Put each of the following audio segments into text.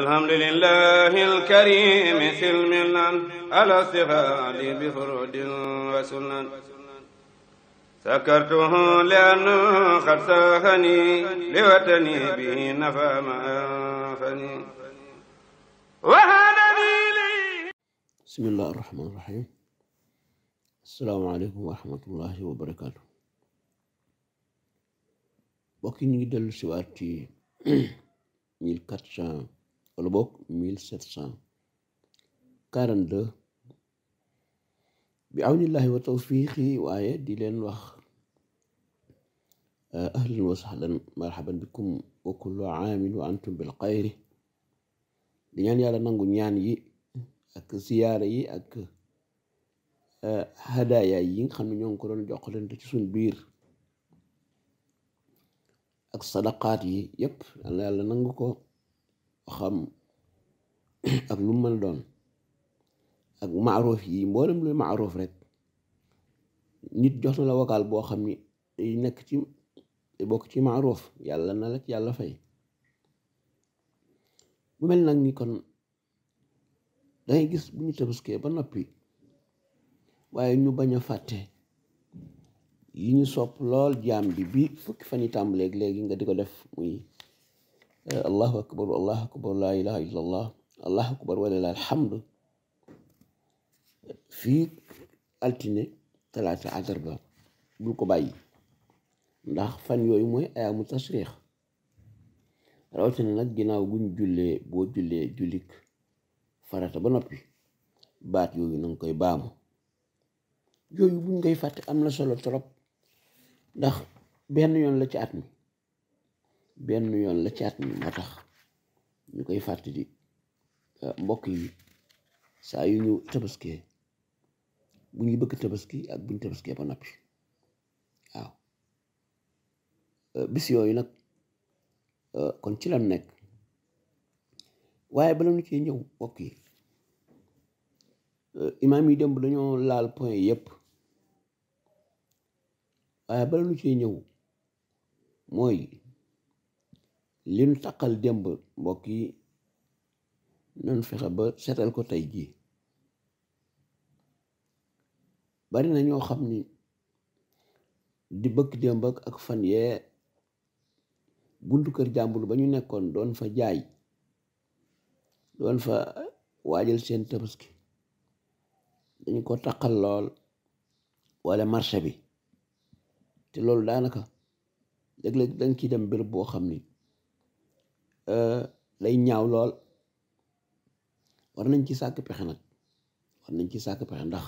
الحمد لله الكريم سلم على استغال بفرود وسنن سكرته لأنه قد ساخني لوطني به نفى ما أنفني وهذا بسم الله الرحمن الرحيم السلام عليكم ورحمة الله وبركاته bokk ñu ngi dellu si waat ci 1400 wala boog mille sept cent quarante deux bi awnillahi wa tawfiqi waaye di leen wax eh, ahlan wa sahlan marhaban bikum wa kullu aamin wa antum bil xayri di ñaan yàlla nangu ñaan yi ak siyaara yi ak eh, hadaya yi xam ne ñoo ngi ko doon joxlante ci suñ biir ak sadaqaat yi yépp yàlla nangu ko xam ak lu mën doon ak maaroof yi mboolem luy maaroof rek nit jox na la wakaal boo xam ni nekk ci bokk ci maaroof yàlla na la ci yàlla fay mel nag ni kon dangay gis bu ñu tabaskee ba noppi waaye ñu bañ a fàtte yi ñu sopp lool jaam bi bi fukki fan yi tàmbaleeg léegi nga di ko def muy allahu akbar allahu akbar laa ilaha illa allah allahu akbar walillah alhamdu fii altine talaata àllarba bul ko bàyyi ndax fan yooyu mooy ayaamu tasriix rawatina nag ginnaaw guñ jullee boo jullee jullik farata ba noppi baat yooyu nanga koy baamu yooyu buñ koy fàtte am na solo trop ndax benn yoon la ci at mi benn yoon la ci at mi moo tax ñu koy fàttali euh, mbokk yi saa yu ñu tabaskee bu ñu bëgg tabaski ak bu ñu tabaskee ba noppi waaw euh, bis yooyu nag euh, kon ci lan nekk waaye bala ñu cee ñëw mbokk yi imaam yi démb dañoo laal point yépp waaye bala ñëw mooy li nu taqal démb mbokk yi noonu fexe ba setal ko tey gii bari na ñoo xam ni di bëgg démb ak fan yee buntu kër jàmbul ba ñu nekkoon doon fa jaay doon fa waajal seen tabaski dañu ko taqal lool wala marché bi te loolu daanaka léeg-léeg dañ ciy dem béréb boo xam ni Euh, day ñaaw lool war nañ ci sàkk pexe nag war nañ ci sàkk pexe ndax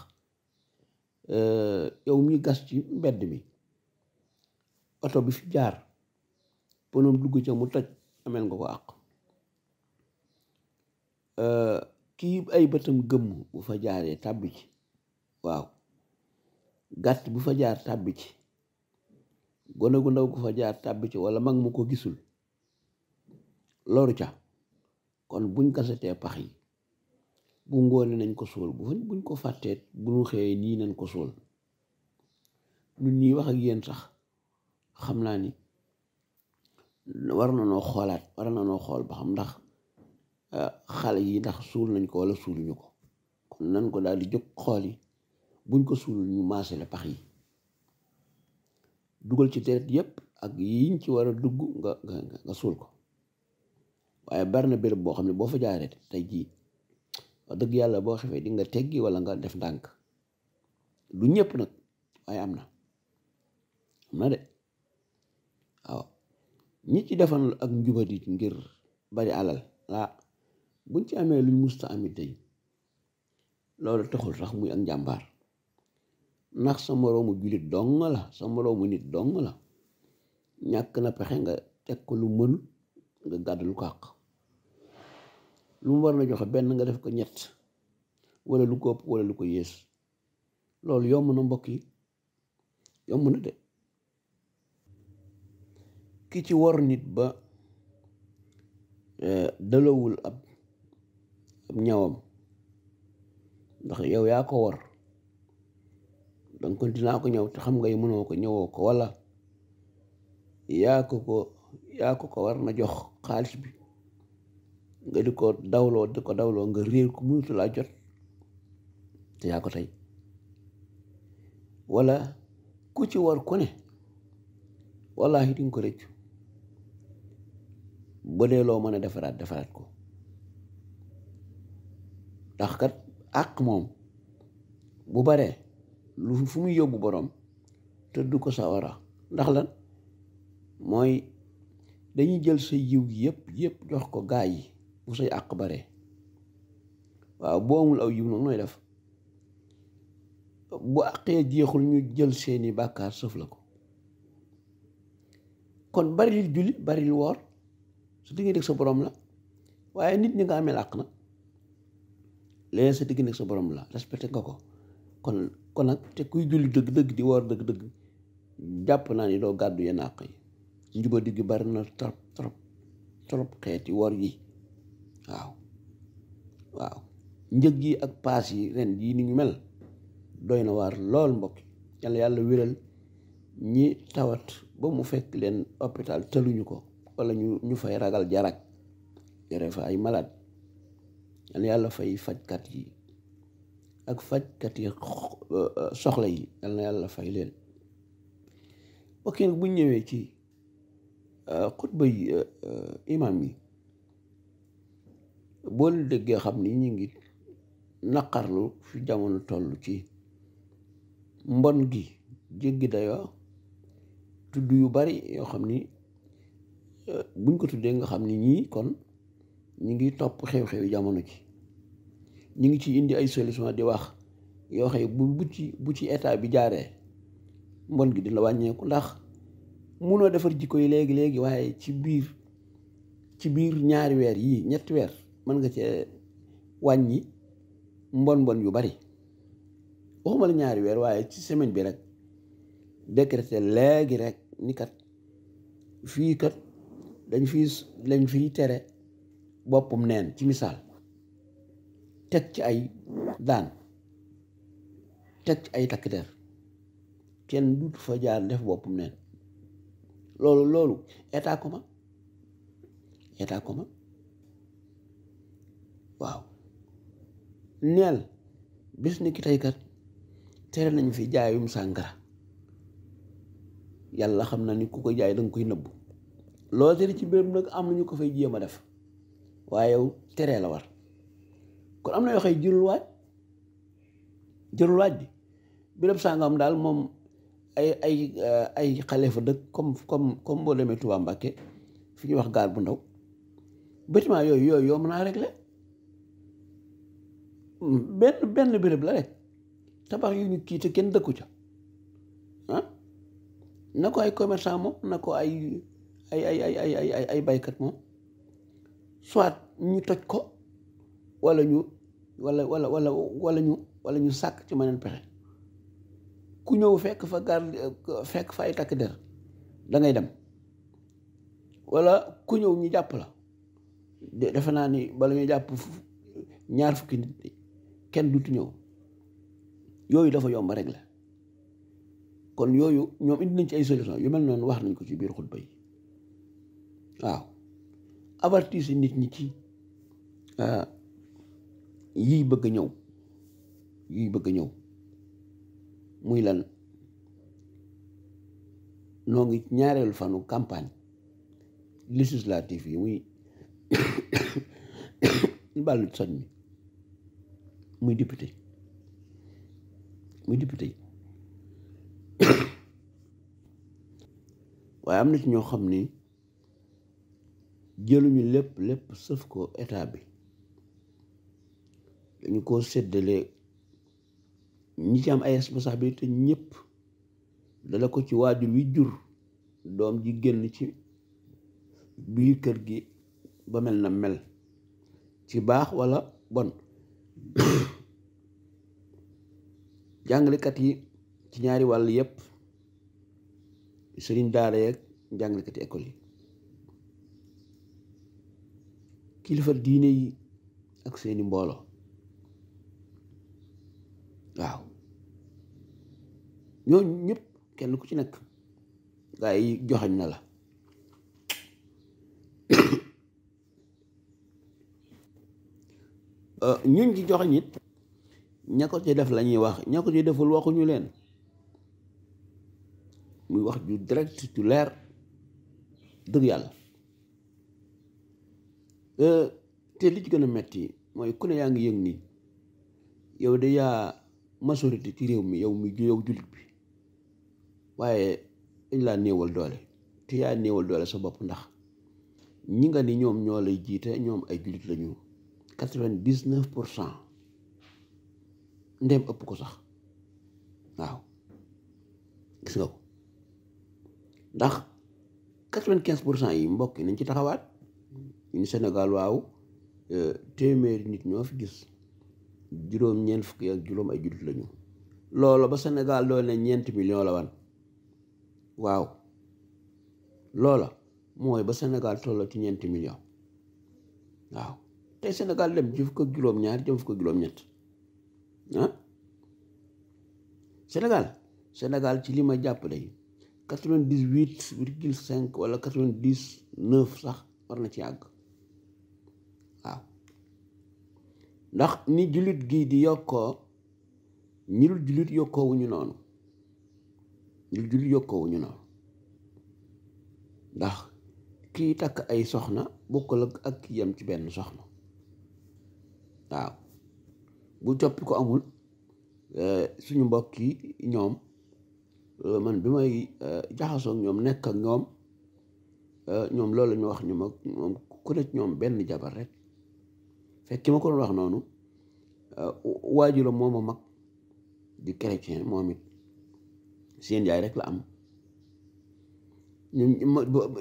euh, yow muy gas ci mbedd mi oto bi fi jaar ponoom dugg ca mu toj ameel nga ko àq euh, kii ay bëtam gëmm bu fa jaaree tàbbi ci waaw gàtt bu fa jaar tàbbi ci gone gu ndaw gu fa jaar tàbbi ci wala mag mu ko gisul loru ca kon buñ kasetee pax yi bu ngoone nañ ko suul bu fañ buñ ko fàtteet bu ñu xëyee nii nañ ko sool ñun ñii wax ak yéen sax xam naa ni war na noo xoolaat war na noo xool ba xam ndax ah, xale yi ndax suul nañ ko wala suuluñu ko kon nan ko daal di jóg xool yi buñ ko suul ñu maasale pax yi dugal ci deret yépp ak yiñ ci war a dugg nga nga nga suul ko waaye bari na béréb boo xam ne boo fa jaaree tey jii wax dëgg yàlla boo xefee di nga teggi wala nga def ndànk du ñëpp nag waaye am na am na de waaw ñi ci defan ak njubatit ngir bari alal ah buñ ci amee lu musta amit day loolu taxul sax muy ak njàmbaar ndax sa moroomu jullit dong la sa moroomu nit dong la ñàkk na pexe nga teg ko lu mënul nga gàddu lu kàq lu mu war la joxe benn nga def ko ñett wala lu ko ëpp wala lu ko yées loolu yomb na mbokk yi yomb na de ki ci wor nit ba eh, dalowul ab ab ñawam ndax yow yaa ko war donc dina ko ñëw te xam nga yi mënoo ko ñëwoo ko wala yaa ko ko yaa ko ko war na jox xaalis bi nga di ko dawloo di ko dawloo nga réer ko mënutu laa jot te yaa ko tey wala ku ci war ku ne wallaahi di ko rëccu ba loo mën a defaraat defaraat ko ndax kat àq moom bu bare lu fu muy yóbbu boroom te du ko sa ora ndax lan mooy dañuy jël sa yiw yëpp yëpp jox ko gaa yi bu say àq bare waaw boo amul aw yiw nag nooy def bu àqee jeexul ñu jël seeni bàkkaar sëf la ko kon baril julli baril woor su diggante ak sa borom la waaye nit ñi nga amee àq na léegi sa diggante ak sa borom la respecté nga ko kon kon nag te kuy julli dëgg dëgg di woor dëgg dëgg jàpp naa ni doo gàddu yenn àq yi njubadi gi bari na trop trop trop xeeti woor yi waaw waaw njëg yi ak paas yi ren yii ni ñu mel doy na waar lool mbokk yàlla yàlla wéral ñi tawat ba mu fekk leen hôpital tëluñu ko walla ñu ñu fay ragal jarak yore fa ay malade yàlla yàlla fay fajkat yi ak fajkat yi eh, soxla yi yàlla yàlla fay leen mbokk yi bu ñëwee ci eh, xutba yi eh, imaam yi boo lu déggee xam ni ñu ngi naqarlu fi jamono toll ci mbon gi jéggi dayoo tudd yu bari yoo xam ni euh, buñ ko tuddee nga xam ni ñii kon ñu ngi topp xew-xewi jamono ji ñu ngi ci indi ay solution di wax yoo xam bu bu ci bu ci état bi jaaree mbon gi dina wàññeeku ndax munoo defar jikko yi léegi léegi waaye ci biir ci biir ñaari weer yii ñetti weer mën nga cee wàññi mbon mbon yu bari waxuma ñaari weer waaye ci semaine bi rek décrété léegi rek ni kat fii kat dañ fi lañ fiy tere boppum neen ci misaal teg ci ay daan teg ci ay takk der kenn duut fa jaar def boppum neen loolu loolu état comment état comment waaw neel bis ni ki tey kat tere nañu fi jaayum sàngara yàlla xam na ni ku ko jaay danga koy nëbbu loo tere ci mbirum nag am nañu ko fay jéem a def waaye yow teree la war kon am na yoo xëy jërul waaj jërul waaj bi birab sàngam daal moom ay ay eh, ay xale fa dëkk comme comme comme boo demee Tuubaa Mbàkke fi ñuy wax gaar bu ndaw bâtiment yooyu yooyu yomb naa régler benn benn béréb la rek tabax yu ñu kii te kenn dëkku ca ah? na ko ay commerçant moom na ko ay ay ay ay ay ay ay baykat moom soit ñu toj ko wala ñu wala wala wala wala ñu wala ñu sàkk ci maneen pexe ku ñëw fekk fa gar fekk fa ay takk der da ngay dem wala ku ñëw ñu jàpp la defe naa ni bala ñuy jàpp ñaar fukki nit kenn dutu ñëw yooyu dafa yomb rek la kon yooyu ñoom indi nañ ci ay solution yu mel noonu wax nañ ko ci biir xutba yi waaw avertir nit ñi ci euh, yiy bëgg ñëw yiy bëgg ñëw muy lan noo ngi ñaareelu fanu campagne législative yi muy bàllu soñ mi muy député muy député yi waaye am na ci ñoo xam ni jëluñu lépp lépp sëf ko état bi dañu ko séddale ñi ci am ay responsabilité ñëpp dala ko ci waajur wi jur doom ji génn ci biir kër gi ba mel na mel ci baax walla bon jàngalekat yi ci ñaari wàll yépp sëriñ daal yeeg jàngalekat école yi kilifa diine yi ak seeni mbooloo waaw ñooñu ñépp kenn ku ci nekk gaa joxañ na la uh, ñun ci joxañ ña ci def la ñuy wax ña ko ci deful waxuñu leen muy wax ju direct ju leer dëgg yàlla euh, te li ci gën a metti mooy ku yaa ngi yëg nii yow de yaa majorité ci réew mi yow mi yow jullit bi waaye dañ laa néewal doole te yaa néewal doole sa bopp ndax ñi nga ni ñoom ñoo lay jiite ñoom ay jullit lañu quatre-vingt-dix-neuf pour cent ndéem ëpp ko sax waaw gis nga ko ndax quatre vingt pour cent yi mbokk yi nañ ci taxawaat ñu Sénégal waaw euh, téeméeri nit ñoo fi gis juróom ñeent fukki ak juróom ay jullit lañu loolu ba senegal doon ne ñeenti million la wan waaw loola mooy ba senegal tolloo ci ñeenti million waaw tey Sénégal dem ci fukk ak juróom ñaar jëm fukk ak juróom ñett senegal Sénégal ci li ma jàppale quatre vingt wala quatre sax war na ci àgg waaw ndax ni jullit gi di yokkoo ñi dul jullit yokkoo wu ñu noonu ñi dul jullit yokkoo wu ñu noonu ndax ki takk ay soxna bokkul ak ki yem ci benn soxna waaw bu coppi ko amul eh, suñu mbokk yi ñoom eh, man bi may eh, jaxasoog ñoom nekk ak ñoom ñoom loolu la wax ñu ma moom ku ne ñoom benn jabar rek fekk ki ma ko doon wax noonu waajuram moom ma mag di chrétien moom it seen yaay rek la am ñu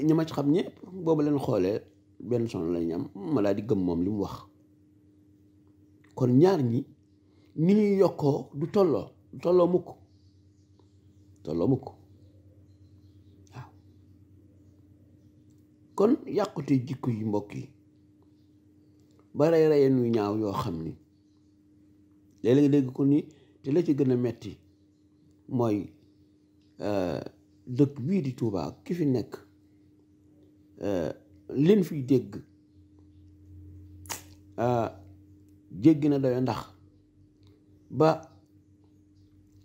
ñu ma ci xam ñëpp boobu leen xoolee benn son lañ am ma laa di gëm moom li mu wax kon ñaar ñi ni ñuy yokkoo du tolloo du tolloo mukk tolloo mukk kon yàqute jikko yi mbokk yi ba rey reye nu ñaaw yoo xam ni léeg-léeg nga dégg ko ni te la ci gën a metti mooy euh, dëkk bii di tuubaa ki fi nekk euh, leen fiy dégg euh, jéggi na doyo ndax ba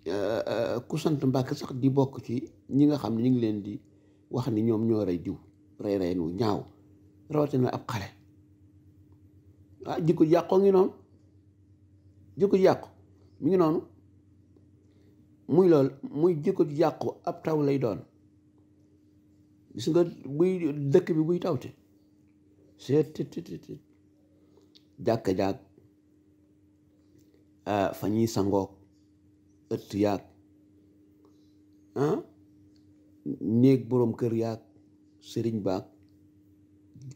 euh, euh, ku sant Mbàkke sax di bokk ci ñi nga xam ne ñu ngi leen di wax ni ñoom ñoo rey jiw rey reen wu ñaaw rawatina ab xale ah jikko yàqoo ngi noonu jikko yàqu mi ngi noonu muy loolu muy jikko yàqu ab taw lay doon gis nga buy dëkk bi buy tawti seet jàkka jàkk Eh, fa ñuy sangoog ëtt yaag ah, néeg boroom kër yaag sëriñ baag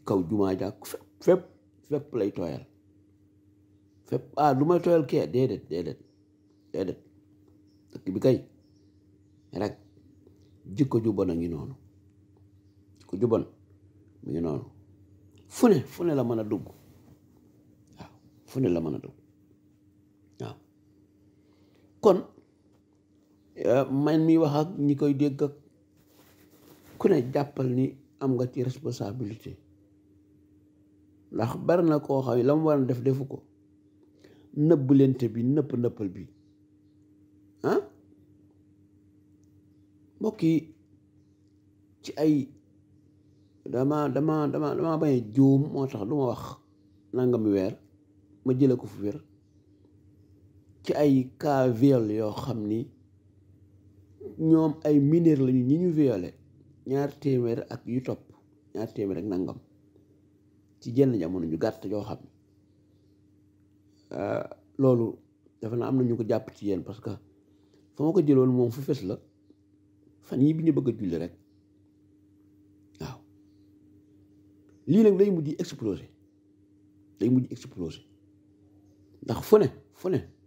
kaw jumaa jaag fépp fépp fépp lay tooyal fépp ah lu tooyal kee déedéet déedéet déedéet dëkk bi kay rek jikko ju bon a ngi noonu jikko ju bon mi ngi noonu fu ne fu ne la mën a dugg fu ne la mën a dugg kon eh, man mi wax ak ñi koy dégg ak ku ne jàppal ni am nga ci responsabilité ndax bari na koo xam ne la mu war def defu ko nëbb lente bi nëpp nëppal bi ah mbokk yi ci ay dama dama dama dama bañ a juum moo tax du ma wax mu weer ma jële ko fu wér ci ay cas viol yoo xam ni ñoom ay mineur lañu ñi ñu violé ñaar téeméer ak yu topp ñaar téeméer ak nangam ci jenn jamono ñu gàtt yoo xam euh, loolu dafa na am na ñu ko jàpp ci yéen parce que fa ma ko jëloon moom fu fes la fan yi bi ñu bëgg a julli rek waaw lii nag day mujj explosé day mujj explosé ndax fu ne fu ne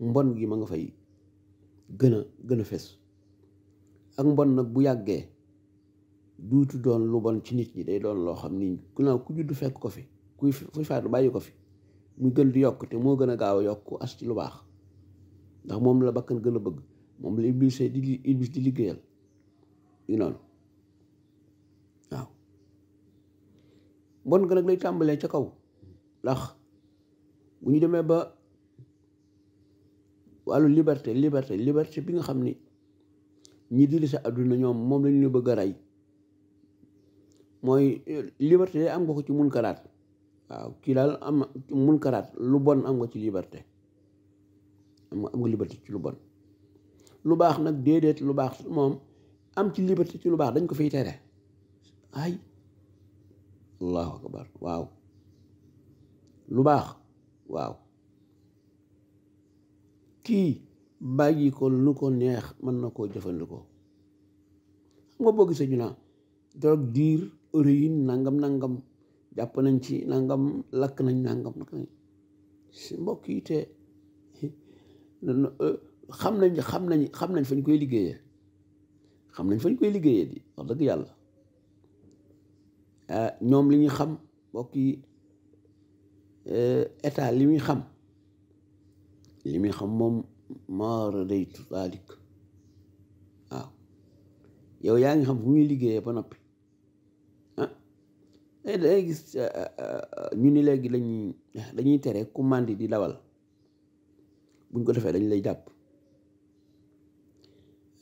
mbon gi ma nga fay gën a gën a ak mbon nag bu yàggee duutu doon lu bon ci nit ñi day doon loo xam ni ku naaw ku juddu fekk ko fi kuy fuy faatu bàyyi ko fi muy gën di yokk te moo gën a gaaw a yokk as ci lu baax ndax moom la bakkan gën a bëgg moom la iblis di iblis di liggéeyal yu noonu waaw mbon ga nag lay tàmbalee ca kaw ndax bu ñu demee ba wàllu liberté liberté liberté bi nga xam ni ñi di li sa àdduna ñoom moom lañu ñu bëgg a rey mooy euh, liberté am nga ko ci mun waaw kii daal am mun lu bon am nga ci liberté am nga am nga liberté ci lu bon lu baax nag déedéet lu baax moom am ci liberté ci lu baax dañ ko fiy tere ay allahu akbar waaw lu baax waaw kii bàyyi ko lu ko neex mën na koo jëfandikoo xam nga boo gisee ñu naan drogue diir héroïne nangam nangam jàpp nañ ci nangam lakk nañ nangam nag si mbokk yi te euh, xam nañ xam nañ xam nañ fañ koy liggéeyee xam nañ fañ koy liggéeyee di wax dëgg yàlla ah, ñoom li ñuy xam mbokk yi euh, état li muy xam li muy xam moom maara daytu daalik waaw yow yaa ngi xam fu muy liggéeyee ba noppi ah eh, gis eh, eh, ñu ni léegi lañuy dañuy tere ku màndi di dawal buñ ko defee dañ lay jàpp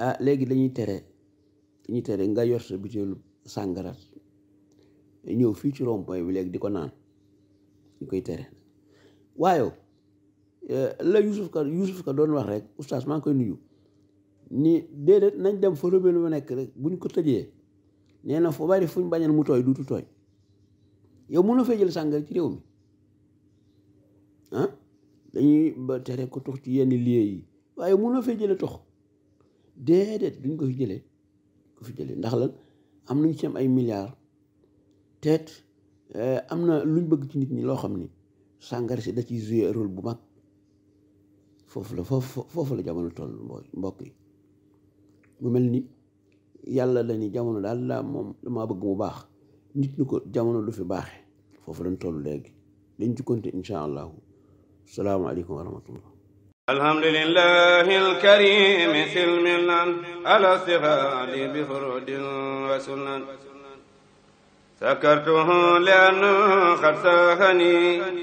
ah léegi lañuy tere dañuy tere nga yor sa butéelu sàngara ñëw fii ci rond-point bi léegi di ko naan ñu koy tere waayo Eh, la Youssouf Ka Youssouf Ka doon wax rek oustaz maa ngi koy nuyu ni déedéet nañ dem fa robinet ba nekk rek bu buñ ko tëjee nee na fu bari fuñ bañal mu tooy duutu tooy yow mënoo fee jël sàngara ci réew mi ah dañuy ba tere ko tox ci yenn lieu yi waaye mënoo fee jële tox déedéet duñ ko fi jëlee ko fi jëlee ndax lan am nañ ci am ay milliards teet eh, am na luñ bëgg ci nit ñi loo xam ni sàngara si da ciy jouer rôle bu mag foofu la foofu foofu la jamono toll mbokk yi mu mel ni yàlla la ni jamono daal bëgg mu baax nit ñi ko jamono du fi baaxe foofu lañ toll léegi dañ jukkonte insha allahu salaamaaleykum wa rahmatullah alhamdulillahi alkarimi silmilan alastihadi bi furudin wa sakartuhu li qad sahani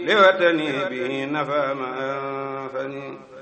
li watani bihi nafa ma